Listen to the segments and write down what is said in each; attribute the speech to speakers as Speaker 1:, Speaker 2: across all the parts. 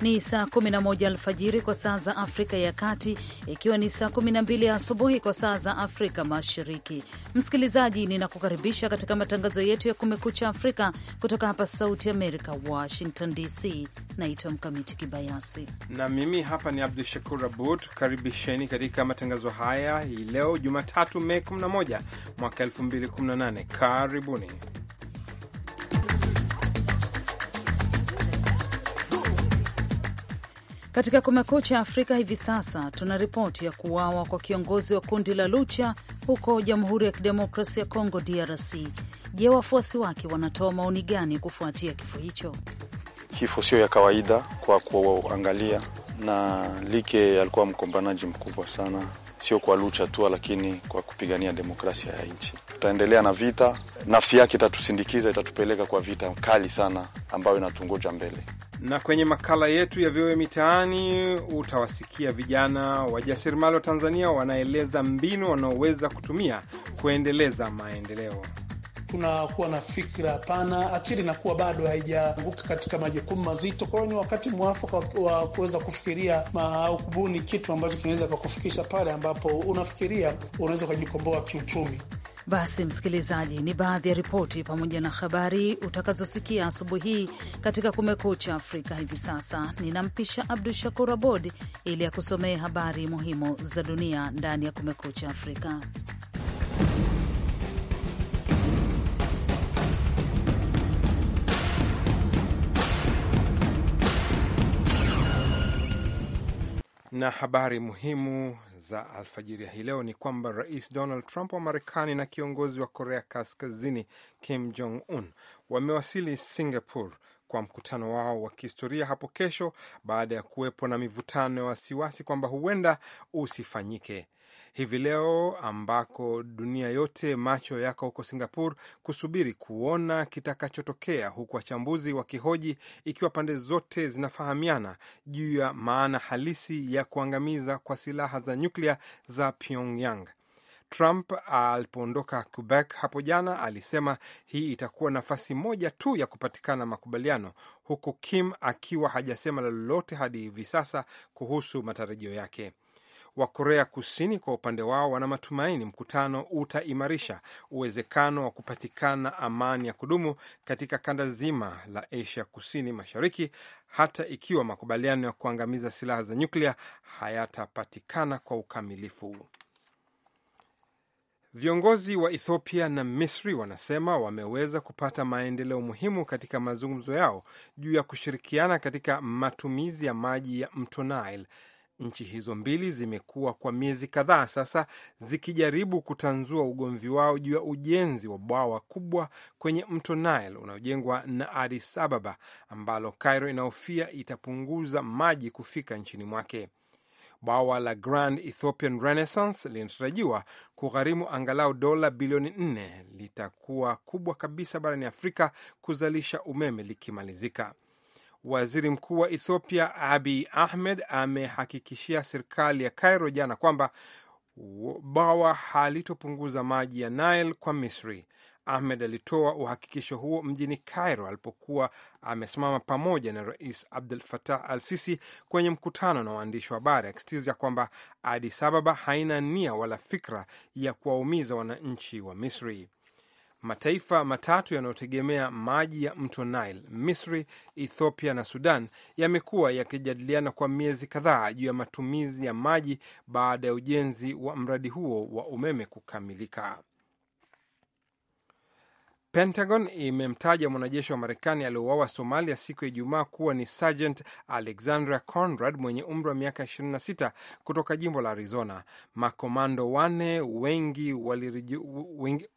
Speaker 1: ni saa 11 alfajiri kwa saa za Afrika ya Kati, ikiwa ni saa 12 asubuhi kwa saa za Afrika Mashariki. Msikilizaji, ninakukaribisha katika matangazo yetu ya Kumekucha Afrika kutoka hapa Sauti Amerika, Washington DC. Naitwa Mkamiti Kibayasi
Speaker 2: na mimi hapa ni Abdu Shakur Abud. Karibisheni katika matangazo haya hii leo Jumatatu, Mei 11 mwaka 2018. Karibuni.
Speaker 1: Katika Kumekucha Afrika hivi sasa tuna ripoti ya kuuawa kwa kiongozi wa kundi la Lucha huko Jamhuri ya Kidemokrasia ya Kongo, DRC. Je, wafuasi wake wanatoa maoni gani kufuatia kifo hicho?
Speaker 3: Kifo sio ya kawaida kwa kuangalia, na Like alikuwa mkombanaji mkubwa sana, sio kwa Lucha tu, lakini kwa kupigania demokrasia ya nchi. Tutaendelea na vita, nafsi yake itatusindikiza, itatupeleka kwa vita kali sana ambayo inatungoja mbele
Speaker 2: na kwenye makala yetu ya VOA Mitaani utawasikia vijana wajasiriamali wa Tanzania wanaeleza mbinu wanaoweza kutumia kuendeleza maendeleo.
Speaker 3: Tunakuwa na fikra pana, akili inakuwa bado haijaanguka katika majukumu mazito. Kwa hiyo ni wakati mwafaka wa kuweza kufikiria au kubuni kitu ambacho kinaweza kakufikisha pale ambapo unafikiria unaweza ukajikomboa kiuchumi.
Speaker 1: Basi msikilizaji, ni baadhi ya ripoti pamoja na habari utakazosikia asubuhi hii katika Kumekucha Afrika. Hivi sasa ninampisha Abdu Shakur Abod ili akusomee habari muhimu za dunia ndani ya Kumekucha Afrika.
Speaker 2: Na habari muhimu za alfajiri ya hii leo ni kwamba Rais Donald Trump wa Marekani na kiongozi wa Korea Kaskazini Kim Jong Un wamewasili Singapore kwa mkutano wao wa kihistoria hapo kesho, baada ya kuwepo na mivutano ya wasiwasi kwamba huenda usifanyike hivi leo, ambako dunia yote macho yako huko Singapore kusubiri kuona kitakachotokea, huku wachambuzi wakihoji ikiwa pande zote zinafahamiana juu ya maana halisi ya kuangamiza kwa silaha za nyuklia za Pyongyang. Trump alipoondoka Quebec hapo jana alisema hii itakuwa nafasi moja tu ya kupatikana makubaliano, huku Kim akiwa hajasema lolote hadi hivi sasa kuhusu matarajio yake wa Korea Kusini kwa upande wao wana matumaini mkutano utaimarisha uwezekano wa kupatikana amani ya kudumu katika kanda zima la Asia Kusini Mashariki, hata ikiwa makubaliano ya kuangamiza silaha za nyuklia hayatapatikana kwa ukamilifu. Viongozi wa Ethiopia na Misri wanasema wameweza kupata maendeleo muhimu katika mazungumzo yao juu ya kushirikiana katika matumizi ya maji ya mto Nile Nchi hizo mbili zimekuwa kwa miezi kadhaa sasa zikijaribu kutanzua ugomvi wao juu ya ujenzi wa bwawa kubwa kwenye mto Nile unaojengwa na Addis Ababa ambalo Cairo inahofia itapunguza maji kufika nchini mwake. Bwawa la Grand Ethiopian Renaissance linatarajiwa kugharimu angalau dola bilioni nne. Litakuwa kubwa kabisa barani Afrika kuzalisha umeme likimalizika. Waziri Mkuu wa Ethiopia abi Ahmed amehakikishia serikali ya Cairo jana kwamba bwawa halitopunguza maji ya Nile kwa Misri. Ahmed alitoa uhakikisho huo mjini Cairo alipokuwa amesimama pamoja na Rais abdul fatah al Sisi kwenye mkutano na waandishi wa habari, akisitiza kwamba adisababa Ababa haina nia wala fikra ya kuwaumiza wananchi wa Misri. Mataifa matatu yanayotegemea maji ya mto Nile, Misri, Ethiopia na Sudan, yamekuwa yakijadiliana kwa miezi kadhaa juu ya matumizi ya maji baada ya ujenzi wa mradi huo wa umeme kukamilika. Pentagon imemtaja mwanajeshi wa Marekani aliyouawa Somalia siku ya Ijumaa kuwa ni Sergeant Alexandra Conrad mwenye umri wa miaka 26 kutoka jimbo la Arizona. Makomando wane wengi waliriju, wengi,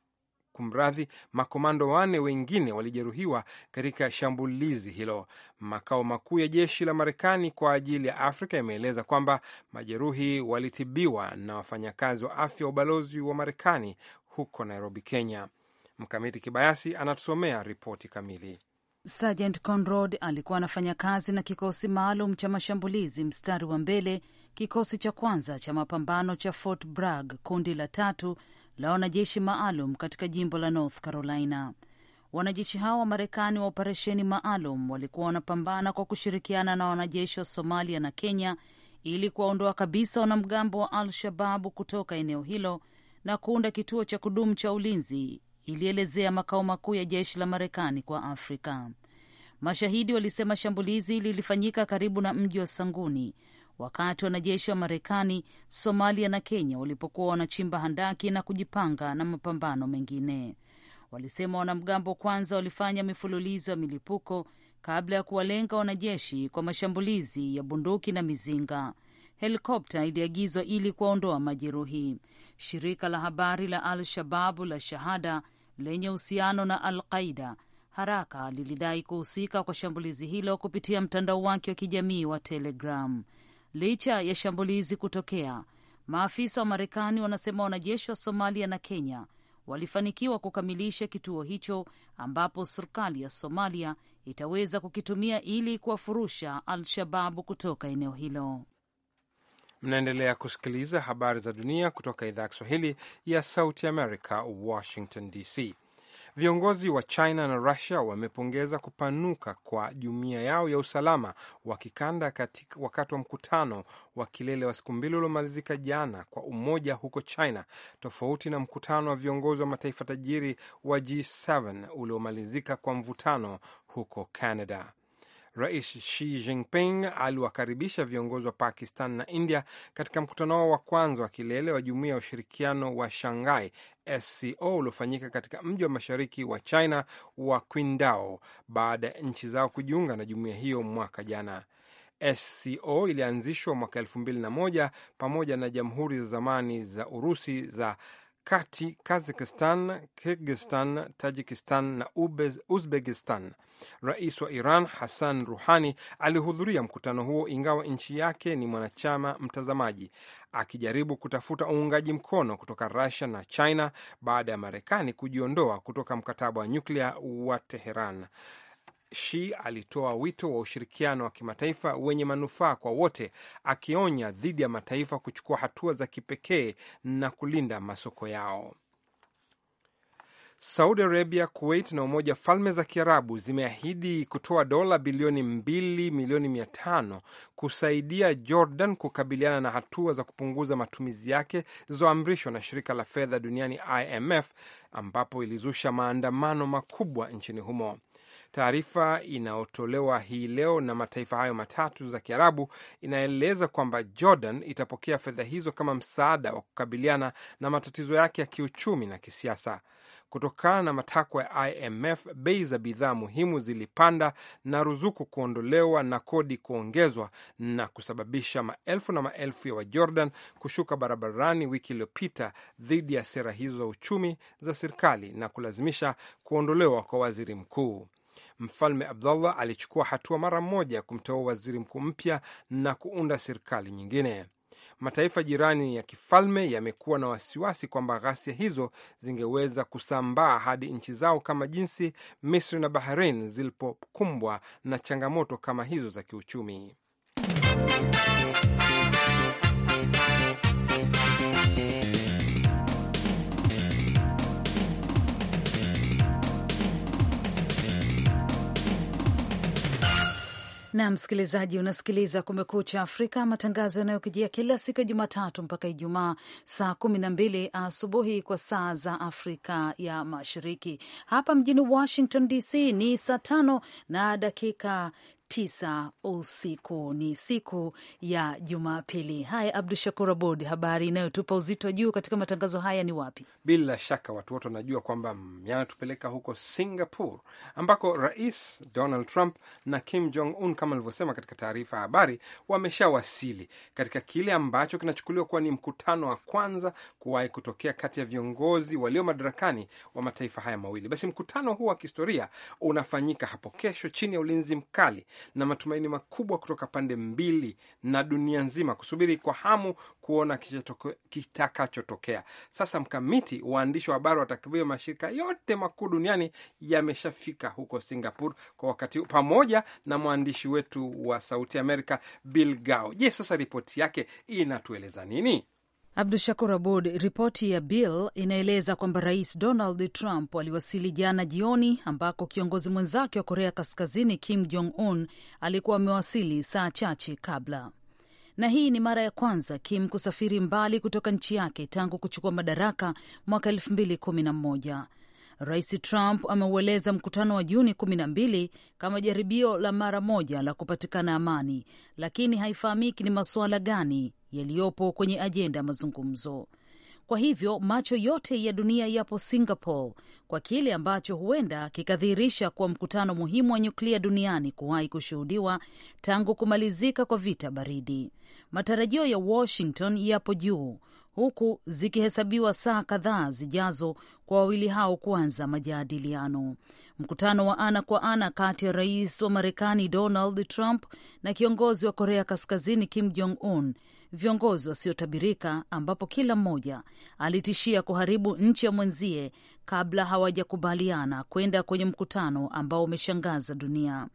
Speaker 2: Kumradhi, makomando wane wengine walijeruhiwa katika shambulizi hilo. Makao makuu ya jeshi la Marekani kwa ajili ya Afrika yameeleza kwamba majeruhi walitibiwa na wafanyakazi wa afya wa ubalozi wa Marekani huko Nairobi, Kenya. Mkamiti Kibayasi anatusomea ripoti kamili.
Speaker 1: Sergeant Conrod alikuwa anafanya kazi na kikosi maalum cha mashambulizi mstari wa mbele, kikosi cha kwanza cha mapambano cha Fort Bragg, kundi la tatu la wanajeshi maalum katika jimbo la North Carolina. Wanajeshi hao wa Marekani wa operesheni maalum walikuwa wanapambana kwa kushirikiana na wanajeshi wa Somalia na Kenya ili kuwaondoa kabisa wanamgambo wa Al-Shababu kutoka eneo hilo na kuunda kituo cha kudumu cha ulinzi, ilielezea makao makuu ya jeshi la Marekani kwa Afrika. Mashahidi walisema shambulizi lilifanyika karibu na mji wa Sanguni wakati wanajeshi wa Marekani, Somalia na Kenya walipokuwa wanachimba handaki na kujipanga na mapambano mengine. Walisema wanamgambo kwanza walifanya mifululizo ya milipuko kabla ya kuwalenga wanajeshi kwa mashambulizi ya bunduki na mizinga. Helikopta iliagizwa ili kuwaondoa majeruhi. Shirika la habari la Al-Shababu la Shahada lenye uhusiano na Al-Qaida haraka lilidai kuhusika kwa shambulizi hilo kupitia mtandao wake wa kijamii wa Telegram licha ya shambulizi kutokea. Maafisa wa Marekani wanasema wanajeshi wa Somalia na Kenya walifanikiwa kukamilisha kituo hicho ambapo serikali ya Somalia itaweza kukitumia ili kuwafurusha Al-Shababu kutoka eneo hilo.
Speaker 2: Mnaendelea kusikiliza habari za dunia kutoka idhaa ya Kiswahili ya Sauti America, Washington DC. Viongozi wa China na Rusia wamepongeza kupanuka kwa jumuiya yao ya usalama wa kikanda wakati wa mkutano wa kilele wa siku mbili uliomalizika jana kwa umoja huko China, tofauti na mkutano wa viongozi wa mataifa tajiri wa G7 uliomalizika kwa mvutano huko Canada. Rais Xi Jinping aliwakaribisha viongozi wa Pakistan na India katika mkutano wao wa kwanza wa kilele wa Jumuiya ya Ushirikiano wa Shanghai SCO uliofanyika katika mji wa mashariki wa China wa Qingdao baada ya nchi zao kujiunga na jumuiya hiyo mwaka jana. SCO ilianzishwa mwaka elfu mbili na moja pamoja na jamhuri za zamani za Urusi za kati kazakistan Kyrgyzstan, Tajikistan na Uzbekistan. Rais wa Iran Hassan Ruhani alihudhuria mkutano huo, ingawa nchi yake ni mwanachama mtazamaji, akijaribu kutafuta uungaji mkono kutoka Russia na China baada ya Marekani kujiondoa kutoka mkataba wa nyuklia wa Teheran. Shi alitoa wito wa ushirikiano wa kimataifa wenye manufaa kwa wote, akionya dhidi ya mataifa kuchukua hatua za kipekee na kulinda masoko yao. Saudi Arabia, Kuwait na Umoja wa Falme za Kiarabu zimeahidi kutoa dola bilioni mbili milioni mia tano kusaidia Jordan kukabiliana na hatua za kupunguza matumizi yake zilizoamrishwa na shirika la fedha duniani IMF, ambapo ilizusha maandamano makubwa nchini humo. Taarifa inayotolewa hii leo na mataifa hayo matatu za Kiarabu inaeleza kwamba Jordan itapokea fedha hizo kama msaada wa kukabiliana na matatizo yake ya kiuchumi na kisiasa. Kutokana na matakwa ya IMF, bei za bidhaa muhimu zilipanda na ruzuku kuondolewa na kodi kuongezwa na kusababisha maelfu na maelfu ya Wajordan kushuka barabarani wiki iliyopita dhidi ya sera hizo za uchumi za serikali na kulazimisha kuondolewa kwa waziri mkuu. Mfalme Abdullah alichukua hatua mara moja kumteua waziri mkuu mpya na kuunda serikali nyingine. Mataifa jirani ya kifalme yamekuwa na wasiwasi kwamba ghasia hizo zingeweza kusambaa hadi nchi zao kama jinsi Misri na Bahrain zilipokumbwa na changamoto kama hizo za kiuchumi.
Speaker 1: na msikilizaji, unasikiliza Kumekucha Afrika, matangazo yanayokijia kila siku ya Jumatatu mpaka Ijumaa saa kumi na mbili asubuhi kwa saa za Afrika ya Mashariki. Hapa mjini Washington DC ni saa tano na dakika tisa usiku. Ni siku ya Jumapili. Haya, Abdu Shakur Abod, habari inayotupa uzito juu katika matangazo haya ni wapi?
Speaker 2: Bila shaka watu wote wanajua kwamba yanatupeleka huko Singapore, ambako Rais Donald Trump na Kim Jong Un kama alivyosema katika taarifa ya habari, wameshawasili katika kile ambacho kinachukuliwa kuwa ni mkutano wa kwanza kuwahi kutokea kati ya viongozi walio madarakani wa mataifa haya mawili. Basi mkutano huu wa kihistoria unafanyika hapo kesho chini ya ulinzi mkali na matumaini makubwa kutoka pande mbili na dunia nzima kusubiri kwa hamu kuona kitakachotokea. Sasa mkamiti, waandishi wa habari watakibia mashirika yote makuu duniani yameshafika huko Singapore kwa wakati huu, pamoja na mwandishi wetu wa Sauti Amerika Bill Gao. Je, sasa ripoti yake inatueleza nini?
Speaker 1: Abdu Shakur Abud, ripoti ya Bill inaeleza kwamba Rais Donald Trump aliwasili jana jioni, ambako kiongozi mwenzake wa Korea Kaskazini Kim Jong Un alikuwa amewasili saa chache kabla. Na hii ni mara ya kwanza Kim kusafiri mbali kutoka nchi yake tangu kuchukua madaraka mwaka elfu Rais Trump ameueleza mkutano wa Juni kumi na mbili kama jaribio la mara moja la kupatikana amani, lakini haifahamiki ni masuala gani yaliyopo kwenye ajenda ya mazungumzo. Kwa hivyo macho yote ya dunia yapo Singapore kwa kile ambacho huenda kikadhihirisha kuwa mkutano muhimu wa nyuklia duniani kuwahi kushuhudiwa tangu kumalizika kwa vita baridi. Matarajio ya Washington yapo juu, huku zikihesabiwa saa kadhaa zijazo kwa wawili hao kuanza majadiliano. Mkutano wa ana kwa ana kati ya rais wa Marekani Donald Trump na kiongozi wa Korea Kaskazini Kim Jong Un viongozi wasiotabirika, ambapo kila mmoja alitishia kuharibu nchi ya mwenzie kabla hawajakubaliana kwenda kwenye mkutano ambao umeshangaza dunia.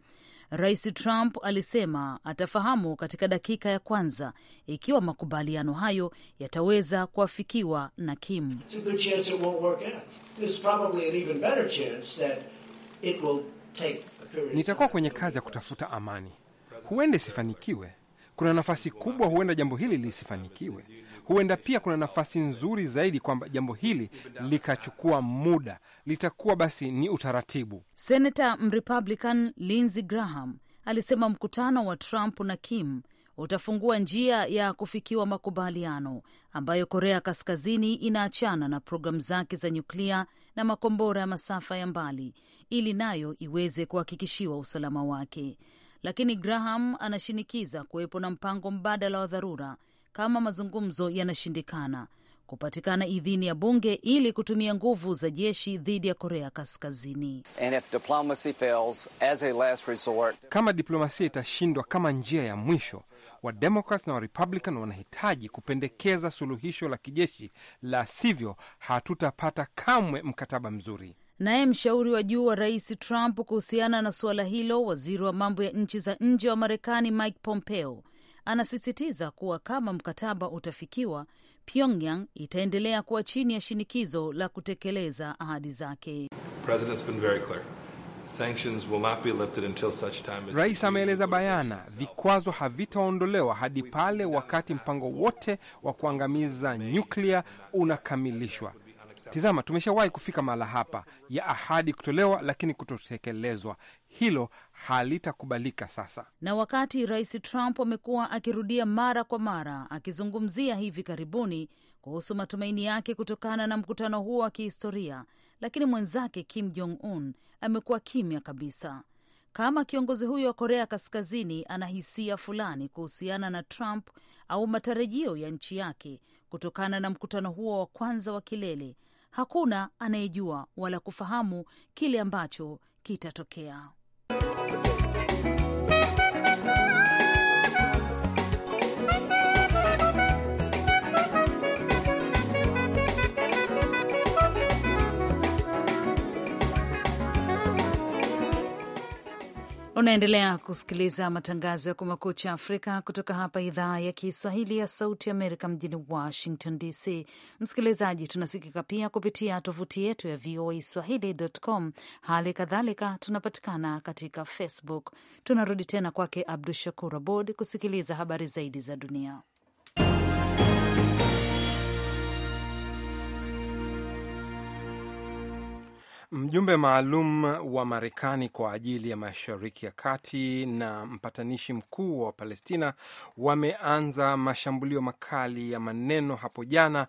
Speaker 1: Rais Trump alisema atafahamu katika dakika ya kwanza ikiwa makubaliano hayo yataweza kuafikiwa na Kim.
Speaker 2: Nitakuwa kwenye kazi ya kutafuta amani, huende isifanikiwe kuna nafasi kubwa, huenda jambo hili lisifanikiwe. Huenda pia kuna nafasi nzuri zaidi kwamba jambo hili likachukua muda, litakuwa basi ni utaratibu.
Speaker 1: Senata Mrepublican Lindsey Graham alisema mkutano wa Trump na Kim utafungua njia ya kufikiwa makubaliano ambayo Korea Kaskazini inaachana na programu zake za nyuklia na makombora ya masafa ya mbali ili nayo iweze kuhakikishiwa usalama wake lakini Graham anashinikiza kuwepo na mpango mbadala wa dharura kama mazungumzo yanashindikana, kupatikana idhini ya bunge ili kutumia nguvu za jeshi dhidi ya Korea Kaskazini. And if
Speaker 2: diplomacy fails, as a last resort... kama diplomasia itashindwa kama njia ya mwisho, Wademokrat na Warepublican wanahitaji kupendekeza suluhisho la kijeshi, la sivyo hatutapata kamwe mkataba mzuri.
Speaker 1: Naye mshauri wa juu wa rais Trump kuhusiana na suala hilo, waziri wa mambo ya nchi za nje wa Marekani Mike Pompeo anasisitiza kuwa kama mkataba utafikiwa, Pyongyang itaendelea kuwa chini ya shinikizo la kutekeleza ahadi zake.
Speaker 2: Rais ameeleza bayana, vikwazo havitaondolewa hadi pale wakati mpango wote wa kuangamiza nyuklia unakamilishwa. Tizama, tumeshawahi kufika mahala hapa ya ahadi kutolewa lakini kutotekelezwa. Hilo halitakubalika sasa.
Speaker 1: Na wakati Rais Trump amekuwa akirudia mara kwa mara akizungumzia hivi karibuni kuhusu matumaini yake kutokana na mkutano huo wa kihistoria, lakini mwenzake Kim Jong Un amekuwa kimya kabisa. Kama kiongozi huyo wa Korea Kaskazini ana hisia fulani kuhusiana na Trump au matarajio ya nchi yake kutokana na mkutano huo wa kwanza wa kilele hakuna anayejua wala kufahamu kile ambacho kitatokea. Unaendelea kusikiliza matangazo ya Kumekucha Afrika kutoka hapa idhaa ya Kiswahili ya Sauti Amerika mjini Washington DC. Msikilizaji, tunasikika pia kupitia tovuti yetu ya VOA swahili.com. Hali kadhalika tunapatikana katika Facebook. Tunarudi tena kwake Abdu Shakur Abod kusikiliza habari zaidi za dunia.
Speaker 2: Mjumbe maalum wa Marekani kwa ajili ya Mashariki ya Kati na mpatanishi mkuu wa Palestina wameanza mashambulio makali ya maneno hapo jana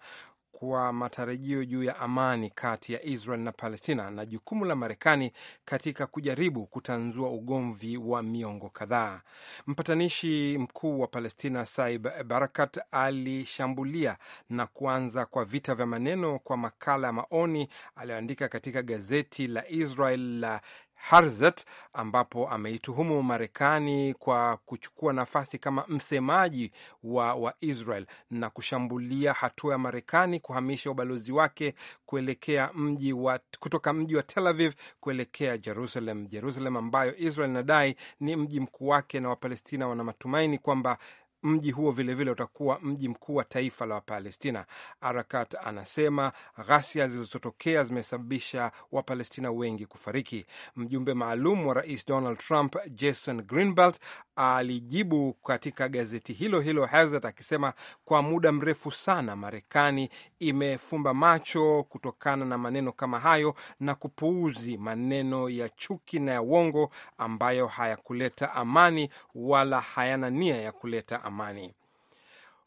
Speaker 2: kwa matarajio juu ya amani kati ya Israel na Palestina na jukumu la Marekani katika kujaribu kutanzua ugomvi wa miongo kadhaa. Mpatanishi mkuu wa Palestina Saib Barakat alishambulia na kuanza kwa vita vya maneno kwa makala ya maoni aliyoandika katika gazeti la Israel la Harzat ambapo ameituhumu Marekani kwa kuchukua nafasi kama msemaji wa israel na kushambulia hatua ya Marekani kuhamisha ubalozi wake kuelekea mji wa, kutoka mji wa Tel Aviv kuelekea Jerusalem, Jerusalem ambayo Israel inadai ni mji mkuu wake, na Wapalestina wana matumaini kwamba mji huo vilevile vile utakuwa mji mkuu wa taifa la Wapalestina. Arakat anasema ghasia zilizotokea zimesababisha Wapalestina wengi kufariki. Mjumbe maalum wa rais Donald Trump Jason Greenblatt alijibu katika gazeti hilo hilo Hazard akisema kwa muda mrefu sana Marekani imefumba macho kutokana na maneno kama hayo na kupuuzi maneno ya chuki na ya uongo ambayo hayakuleta amani wala hayana nia ya kuleta amani.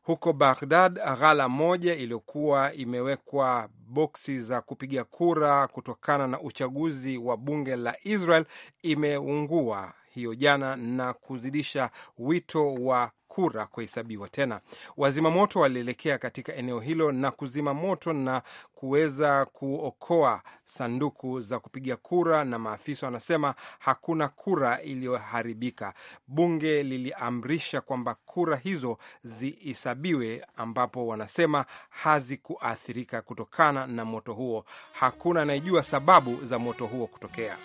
Speaker 2: Huko Baghdad, ghala moja iliyokuwa imewekwa boksi za kupiga kura kutokana na uchaguzi wa bunge la Israel imeungua hiyo jana na kuzidisha wito wa kura kuhesabiwa tena. Wazima moto walielekea katika eneo hilo na kuzima moto na kuweza kuokoa sanduku za kupiga kura, na maafisa wanasema hakuna kura iliyoharibika. Bunge liliamrisha kwamba kura hizo zihesabiwe, ambapo wanasema hazikuathirika kutokana na moto huo. Hakuna anayejua sababu za moto huo kutokea.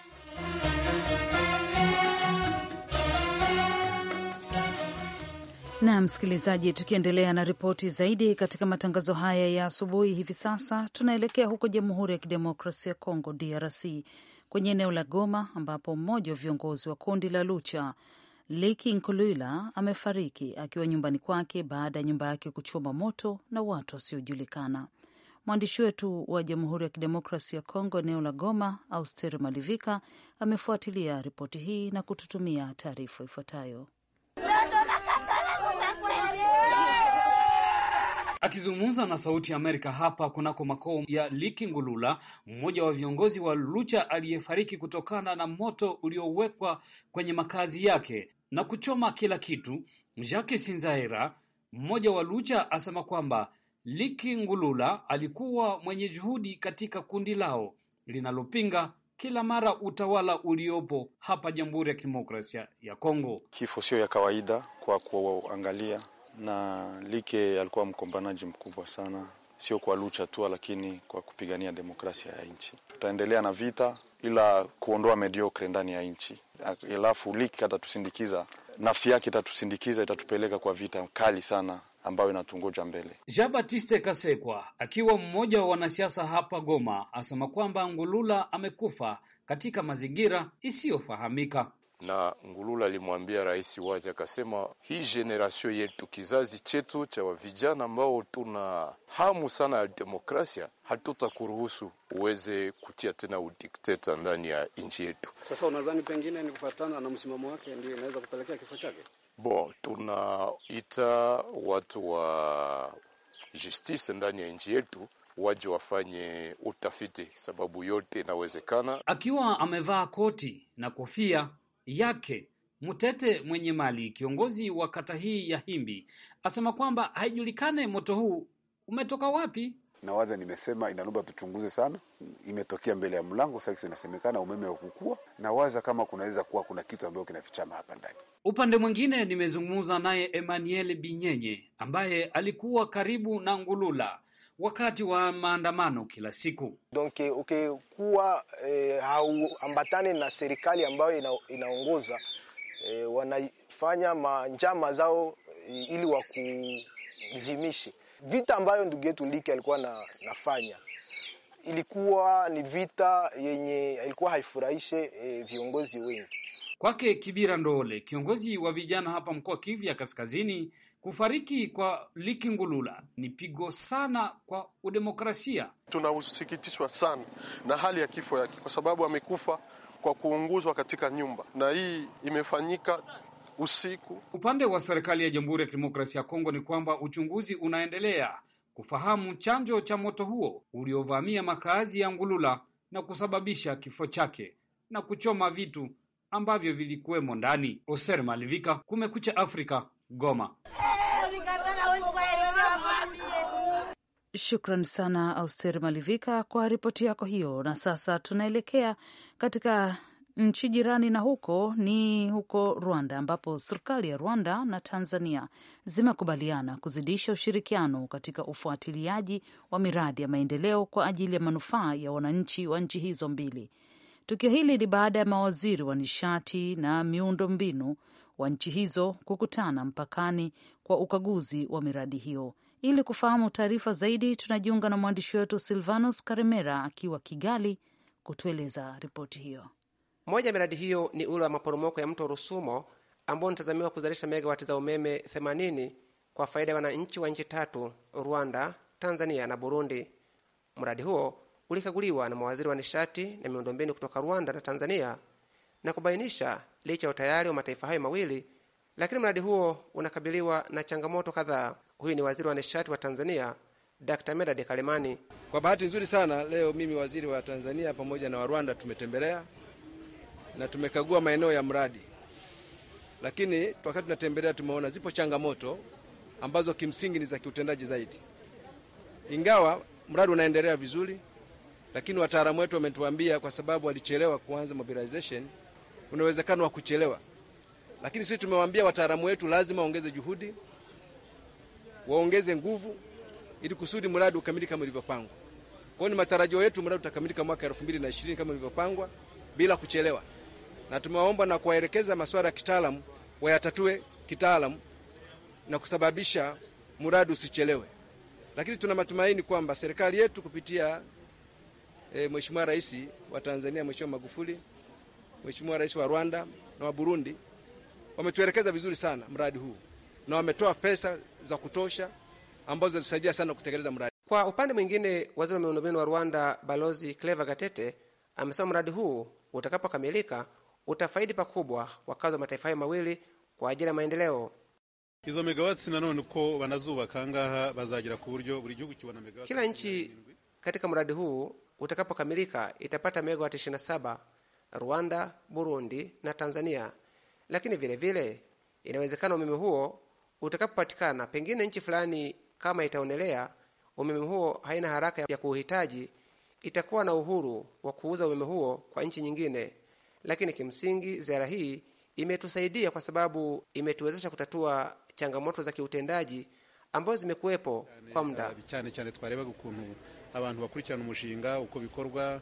Speaker 1: Na msikilizaji, tukiendelea na ripoti zaidi katika matangazo haya ya asubuhi, hivi sasa tunaelekea huko Jamhuri ya Kidemokrasia ya Kongo, DRC, kwenye eneo la Goma ambapo mmoja wa viongozi wa kundi la Lucha Liki Nkulila amefariki akiwa nyumbani kwake baada ya nyumba yake kuchoma moto na watu wasiojulikana. Mwandishi wetu wa Jamhuri ya Kidemokrasi ya Kongo, eneo la Goma, Austeri Malivika amefuatilia ripoti hii na kututumia taarifa ifuatayo.
Speaker 4: Akizungumza na
Speaker 1: Sauti ya Amerika hapa kunako
Speaker 4: makao ya liki ngulula mmoja wa viongozi wa Lucha aliyefariki kutokana na moto uliowekwa kwenye makazi yake na kuchoma kila kitu, Jacques Sinzaira, mmoja wa Lucha, asema kwamba liki ngulula alikuwa mwenye juhudi katika kundi lao linalopinga kila mara utawala uliopo hapa Jamhuri ya Kidemokrasia
Speaker 3: ya Kongo. Kifo sio ya kawaida kwa kuangalia na Like alikuwa mkombanaji mkubwa sana, sio kwa lucha tu, lakini kwa kupigania demokrasia ya nchi. Tutaendelea na vita, ila kuondoa mediokre ndani ya nchi. Alafu Like atatusindikiza, nafsi yake itatusindikiza, itatupeleka kwa vita kali sana ambayo inatungoja mbele.
Speaker 4: Jean Baptiste Kasekwa akiwa mmoja wa wanasiasa hapa Goma asema kwamba Ngulula amekufa katika mazingira isiyofahamika
Speaker 2: na Ngulula alimwambia rais wazi, akasema hii generasio yetu, kizazi chetu cha vijana ambao tuna hamu sana ya demokrasia, hatutakuruhusu uweze kutia tena udikteta ndani ya nchi yetu.
Speaker 4: Sasa unadhani pengine ni kufatana na msimamo wake ndio inaweza kupelekea kifo chake?
Speaker 2: Bo, tunaita watu wa justice ndani ya nchi yetu waje wafanye utafiti, sababu yote inawezekana.
Speaker 4: Akiwa amevaa koti na kofia yake Mutete Mwenye Mali, kiongozi wa kata hii ya Himbi, asema kwamba haijulikane moto huu umetoka wapi.
Speaker 5: nawaza nimesema inaomba tuchunguze sana, imetokea mbele ya mlango. Sasa inasemekana umeme wa na nawaza kama kunaweza kuwa kuna kitu ambacho kinafichama hapa ndani.
Speaker 4: Upande mwingine nimezungumza naye Emmanuel Binyenye ambaye alikuwa karibu na Ngulula wakati wa maandamano kila siku.
Speaker 5: Donk ukikuwa eh, hauambatani na serikali ambayo ina, inaongoza eh, wanafanya manjama zao eh, ili wakuzimishe vita ambayo ndugu yetu Ndiki alikuwa na, nafanya ilikuwa ni vita yenye ilikuwa haifurahishe e, viongozi wengi.
Speaker 4: Kwake Kibira Ndole, kiongozi wa vijana hapa mkoa Kivu ya Kaskazini, Kufariki kwa Likingulula ni pigo sana kwa udemokrasia.
Speaker 3: Tunausikitishwa sana na hali ya kifo yake, kwa sababu amekufa kwa kuunguzwa katika nyumba, na hii imefanyika usiku.
Speaker 4: Upande wa serikali ya Jamhuri ya Kidemokrasia ya Kongo ni kwamba uchunguzi unaendelea kufahamu chanjo cha moto huo uliovamia makazi ya Ngulula na kusababisha kifo chake na kuchoma vitu ambavyo vilikuwemo ndani. Oser Malivika, Kumekucha Afrika, Goma.
Speaker 1: Shukran sana Auster Malivika kwa ripoti yako hiyo. Na sasa tunaelekea katika nchi jirani, na huko ni huko Rwanda, ambapo serikali ya Rwanda na Tanzania zimekubaliana kuzidisha ushirikiano katika ufuatiliaji wa miradi ya maendeleo kwa ajili ya manufaa ya wananchi wa nchi hizo mbili. Tukio hili ni baada ya mawaziri wa nishati na miundo mbinu wa nchi hizo kukutana mpakani kwa ukaguzi wa miradi hiyo. Ili kufahamu taarifa zaidi, tunajiunga na mwandishi wetu Silvanus Karemera akiwa Kigali kutueleza ripoti hiyo. Moja
Speaker 6: ya miradi hiyo ni ule wa maporomoko ya mto Rusumo ambao unatazamiwa kuzalisha megawati za umeme 80 kwa faida ya wananchi wa nchi tatu: Rwanda, Tanzania na Burundi. Mradi huo ulikaguliwa na mawaziri wa nishati na miundombinu kutoka Rwanda na Tanzania na kubainisha licha ya utayari wa mataifa hayo mawili lakini mradi huo unakabiliwa na changamoto kadhaa. Huyu ni waziri wa nishati wa Tanzania d Medad Kalemani. Kwa
Speaker 5: bahati nzuri sana leo mimi waziri wa Tanzania pamoja na wa Rwanda tumetembelea na tumekagua maeneo ya mradi, lakini wakati tunatembelea tumeona zipo changamoto ambazo kimsingi ni za kiutendaji zaidi. Ingawa mradi unaendelea vizuri, lakini wataalamu wetu wametuambia kwa sababu walichelewa kuanza mobilization, kuna uwezekano wa kuchelewa lakini sisi tumewaambia wataalamu wetu lazima waongeze juhudi, waongeze nguvu ili kusudi mradi ukamilike kama ilivyopangwa. Kwa hiyo ni matarajio yetu mradi utakamilika mwaka ishirini kama ilivyopangwa bila kuchelewa, na tumewaomba na kuwaelekeza masuala ya kitaalamu wayatatue kitaalamu na kusababisha mradi usichelewe. Lakini tuna matumaini kwamba serikali yetu kupitia e, Mheshimiwa Rais wa Tanzania Mheshimiwa Magufuli, Mheshimiwa Rais wa Rwanda na wa Burundi wametuelekeza vizuri sana mradi huu na wametoa pesa za kutosha ambazo zinatusaidia sana kutekeleza mradi. Kwa upande mwingine, waziri
Speaker 6: wa miundombinu wa Rwanda Balozi Cleva Gatete amesema mradi huu utakapokamilika utafaidi pakubwa wakazi wa mataifa hayo mawili kwa ajili ya maendeleo.
Speaker 3: Izo megawati nanone uko wanazubaka ngaha bazagira ku buryo buri gihugu kibona megawati. Kila
Speaker 6: nchi katika mradi huu utakapokamilika itapata megawati 27, Rwanda, Burundi na Tanzania lakini vile vile inawezekana umeme huo utakapopatikana, pengine nchi fulani kama itaonelea umeme huo haina haraka ya kuuhitaji, itakuwa na uhuru wa kuuza umeme huo kwa nchi nyingine. Lakini kimsingi ziara hii imetusaidia kwa sababu imetuwezesha kutatua changamoto za kiutendaji ambazo zimekuwepo kwa muda. Yaani, eh,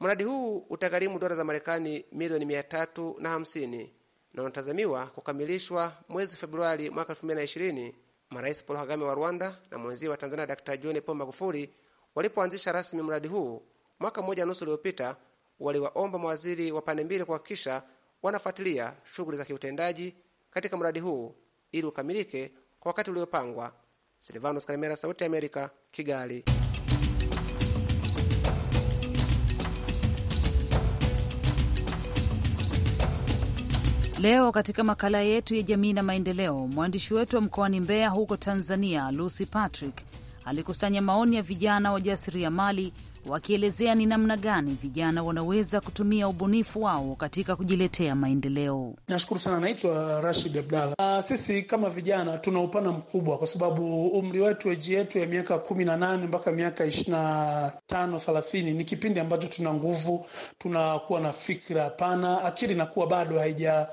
Speaker 6: Mradi huu utagharimu dola za Marekani milioni mia tatu na hamsini na unatazamiwa kukamilishwa mwezi Februari mwaka 220 marais Paul Kagame wa Rwanda na mwenzie wa Tanzania Dr. John Pombe Magufuli walipoanzisha rasmi mradi huu mwaka mmoja nusu uliopita, waliwaomba mawaziri wa pande mbili kuhakikisha wanafuatilia shughuli za kiutendaji katika mradi huu ili ukamilike kwa wakati uliopangwa. Silvanos Kalimera, Sauti ya Amerika, Kigali.
Speaker 1: Leo katika makala yetu ya jamii na maendeleo, mwandishi wetu wa mkoani Mbeya huko Tanzania, Lucy Patrick alikusanya maoni ya vijana wajasiriamali wakielezea ni namna gani vijana wanaweza kutumia ubunifu wao katika kujiletea maendeleo.
Speaker 3: Nashukuru sana, naitwa Rashid Abdalla. Ah, sisi kama vijana tuna upana mkubwa, kwa sababu umri wetu, eji yetu ya miaka kumi na nane mpaka miaka ishirini na tano thelathini ni kipindi ambacho tuna nguvu, tunakuwa na fikra pana, akili inakuwa bado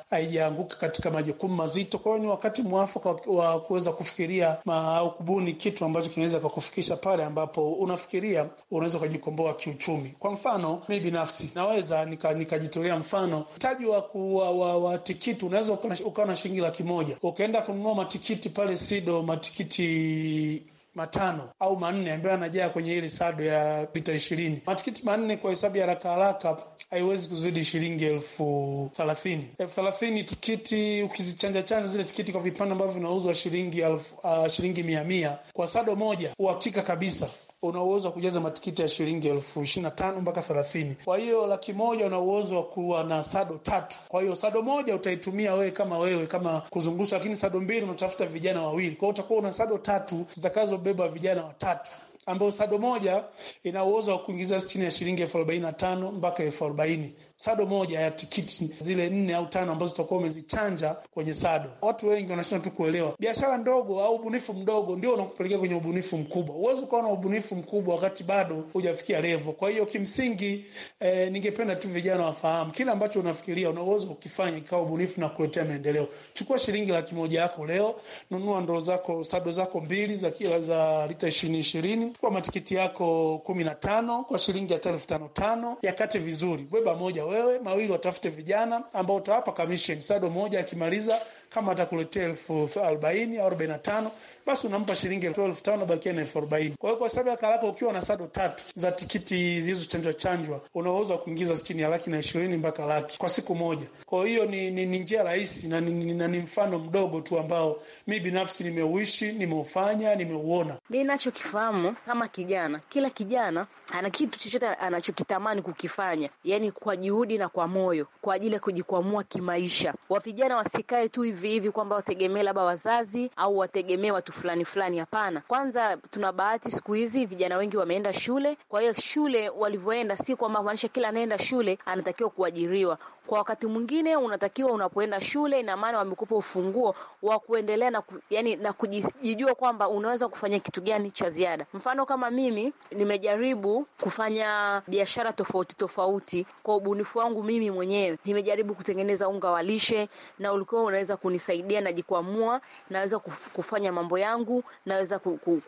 Speaker 3: haijaanguka katika majukumu mazito. Kwa hiyo ni wakati mwafaka wa kuweza kufikiria au kubuni kitu ambacho kinaweza kakufikisha pale ambapo unafikiria unaweza kujikomboa kiuchumi. Kwa mfano mimi binafsi naweza nikajitolea nika mfano mtaji wa, wa, wa, wa tikiti unaweza ukawa na shilingi laki moja ukaenda kununua matikiti pale Sido matikiti matano au manne ambayo anajaa kwenye ile sado ya lita ishirini. Matikiti manne kwa hesabu ya haraka haraka haiwezi kuzidi shilingi elfu thelathini. Elfu thelathini tikiti ukizichanja chanja zile tikiti kwa vipande ambavyo vinauzwa shilingi elfu, uh, shilingi mia mia kwa sado moja, uhakika kabisa una uwezo wa kujaza matikiti ya shilingi elfu ishirini na tano mpaka thelathini. Kwa hiyo laki moja una uwezo wa kuwa na sado tatu. Kwa hiyo sado moja utaitumia wewe kama wewe kama kuzungusha, lakini sado mbili unatafuta vijana wawili, kwa hiyo utakuwa una sado tatu zitakazobeba vijana watatu ambayo sado moja ina uwezo wa kuingiza chini ya shilingi elfu arobaini na tano mpaka elfu arobaini sado moja ya tikiti zile nne au tano ambazo utakuwa umezichanja kwenye sado. Watu wengi wanashindwa tu kuelewa, biashara ndogo au ubunifu mdogo ndio unakupelekea kwenye ubunifu mkubwa. Huwezi ukawa na ubunifu mkubwa wakati bado hujafikia levo. Kwa hiyo kimsingi, e, ningependa tu vijana wafahamu kile ambacho unafikiria una uwezo kukifanya kikawa ubunifu na kuletea maendeleo. Chukua shilingi laki moja yako leo, nunua ndoo zako sado zako mbili za kila za lita ishirini ishirini, chukua matikiti yako kumi na tano kwa shilingi ya elfu tano tano, yakate vizuri, beba moja wewe, mawili watafute vijana ambao utawapa commission. Sado moja akimaliza kama atakuletea elfu arobaini au arobaini na tano basi unampa shilingi elfu tano bakia na elfu arobaini Kwa hiyo kwa sababu ya karaka, ukiwa na sado tatu za tikiti zilizochanjwa chanjwa, unaweza kuingiza sitini ya laki na ishirini mpaka laki kwa siku moja. Kwa hiyo ni, ni, ni njia rahisi na ni, na ni mfano mdogo tu ambao mi binafsi nimeuishi, nimeufanya, nimeuona.
Speaker 7: Mi nachokifahamu kama kijana, kila kijana ana kitu chochote anachokitamani kukifanya, yani kwa juhudi na kwa moyo, kwa ajili ya kujikwamua kimaisha. Wavijana wasikae tu hivi hivi kwamba wategemee labda wazazi au wategemee watu fulani fulani. Hapana, kwanza tuna bahati siku hizi vijana wengi wameenda shule. Kwa hiyo shule walivyoenda, si kwamba maanisha kila anaenda shule anatakiwa kuajiriwa kwa wakati mwingine unatakiwa unapoenda shule, ina maana wamekupa ufunguo wa kuendelea na, ku, yani, na kujijua kwamba unaweza kufanya kitu gani cha ziada. Mfano kama mimi nimejaribu kufanya biashara tofauti tofauti kwa ubunifu wangu mimi mwenyewe. Nimejaribu kutengeneza unga wa lishe na ulikuwa unaweza kunisaidia najikwamua, naweza kufanya mambo yangu, naweza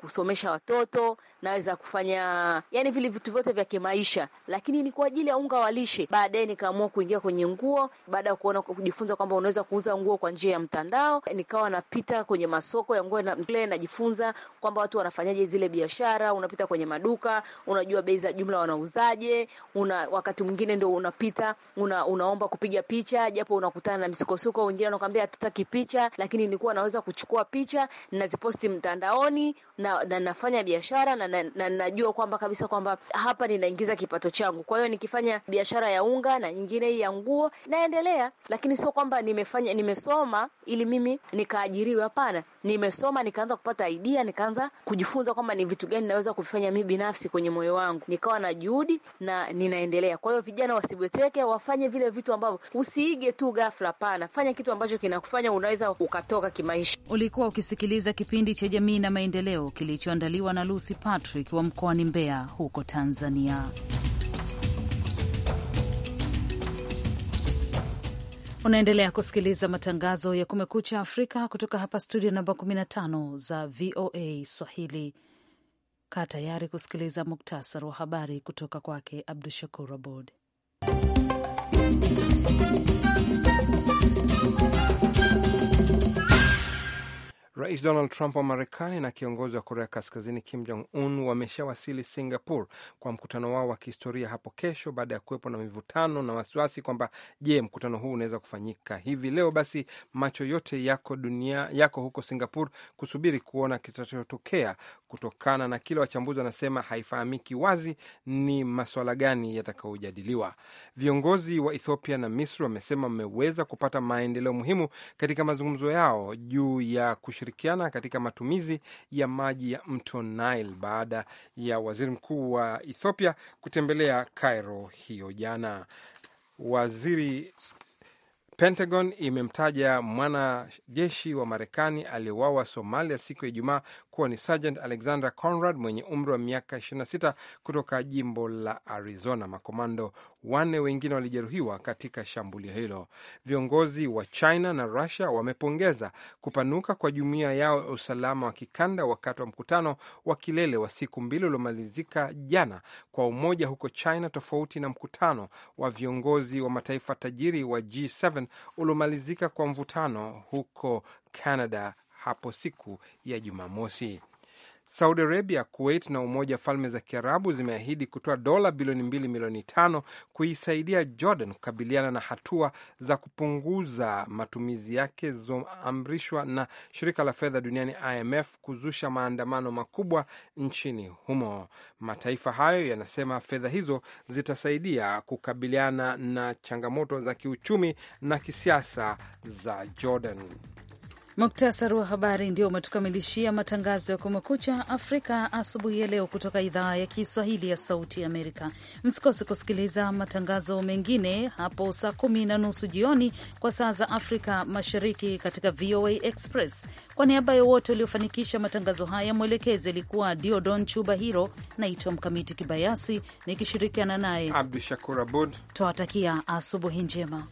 Speaker 7: kusomesha watoto, naweza kufanya yani vile vitu vyote vya kimaisha, lakini ni kwa ajili ya unga wa lishe. Baadaye nikaamua kuingia kwenye nguo. Baada ya kuona kujifunza kwamba unaweza kuuza nguo kwa njia ya mtandao, nikawa napita kwenye masoko ya nguo na najifunza kwamba watu wanafanyaje zile biashara. Unapita kwenye maduka, unajua bei za jumla wanauzaje, una wakati mwingine ndio unapita una, unaomba kupiga picha, japo unakutana na misukosuko. wengine wanakwambia hatutaki picha, lakini nilikuwa naweza kuchukua picha naziposti mtandaoni na, na nafanya biashara na, na, na, na najua kwamba kabisa kwamba hapa ninaingiza kipato changu. Kwa hiyo nikifanya biashara ya unga na nyingine hii ya nguo huo naendelea, lakini sio kwamba nimefanya nimesoma ili mimi nikaajiriwe. Hapana, nimesoma nikaanza kupata idea, nikaanza kujifunza kwamba ni vitu gani naweza kufanya mimi binafsi kwenye moyo wangu, nikawa na juhudi na ninaendelea. Kwa hiyo vijana wasibweteke, wafanye vile vitu ambavyo usiige tu ghafla. Hapana, fanya kitu ambacho kinakufanya unaweza ukatoka kimaisha.
Speaker 1: Ulikuwa ukisikiliza kipindi cha Jamii na Maendeleo kilichoandaliwa na Lucy Patrick wa mkoani Mbeya huko Tanzania. Unaendelea kusikiliza matangazo ya Kumekucha Afrika kutoka hapa studio namba 15 za VOA Swahili. Kaa tayari kusikiliza muktasari wa habari kutoka kwake Abdu Shakur Abod.
Speaker 2: Rais Donald Trump wa Marekani na kiongozi wa Korea Kaskazini Kim Jong Un wameshawasili Singapore kwa mkutano wao wa kihistoria hapo kesho, baada ya kuwepo na mivutano na wasiwasi kwamba je, mkutano huu unaweza kufanyika hivi leo? Basi macho yote yako dunia yako huko Singapore kusubiri kuona kitachotokea kutokana na kile wachambuzi wanasema haifahamiki wazi ni maswala gani yatakayojadiliwa. Viongozi wa Ethiopia na Misri wamesema wameweza kupata maendeleo muhimu katika mazungumzo yao juu ya kushiriki kushirikiana katika matumizi ya maji ya mto Nile baada ya waziri mkuu wa Ethiopia kutembelea Cairo hiyo jana. Waziri Pentagon imemtaja mwanajeshi wa Marekani aliyeuawa Somalia siku ya Ijumaa kuwa ni Sergeant Alexander Conrad mwenye umri wa miaka 26 kutoka jimbo la Arizona. Makomando wanne wengine walijeruhiwa katika shambulio hilo. Viongozi wa China na Russia wamepongeza kupanuka kwa jumuiya yao ya usalama wa kikanda wakati wa mkutano wa kilele wa siku mbili uliomalizika jana kwa umoja huko China, tofauti na mkutano wa viongozi wa mataifa tajiri wa G7 uliomalizika kwa mvutano huko Canada hapo siku ya Jumamosi. Saudi Arabia, Kuwait na Umoja wa Falme za Kiarabu zimeahidi kutoa dola bilioni mbili milioni tano kuisaidia Jordan kukabiliana na hatua za kupunguza matumizi yake zilizoamrishwa na shirika la fedha duniani IMF kuzusha maandamano makubwa nchini humo. Mataifa hayo yanasema fedha hizo zitasaidia kukabiliana na changamoto za kiuchumi na kisiasa za Jordan.
Speaker 1: Muktasari wa habari ndio umetukamilishia matangazo ya Kumekucha Afrika asubuhi ya leo kutoka idhaa ya Kiswahili ya Sauti Amerika. Msikose kusikiliza matangazo mengine hapo saa kumi na nusu jioni kwa saa za Afrika Mashariki katika VOA Express. Kwa niaba ya wote waliofanikisha matangazo haya, mwelekezi alikuwa Diodon Chuba Hiro. Naitwa Mkamiti Kibayasi nikishirikiana naye
Speaker 2: Abdu Shakur Abud.
Speaker 1: Twawatakia asubuhi njema.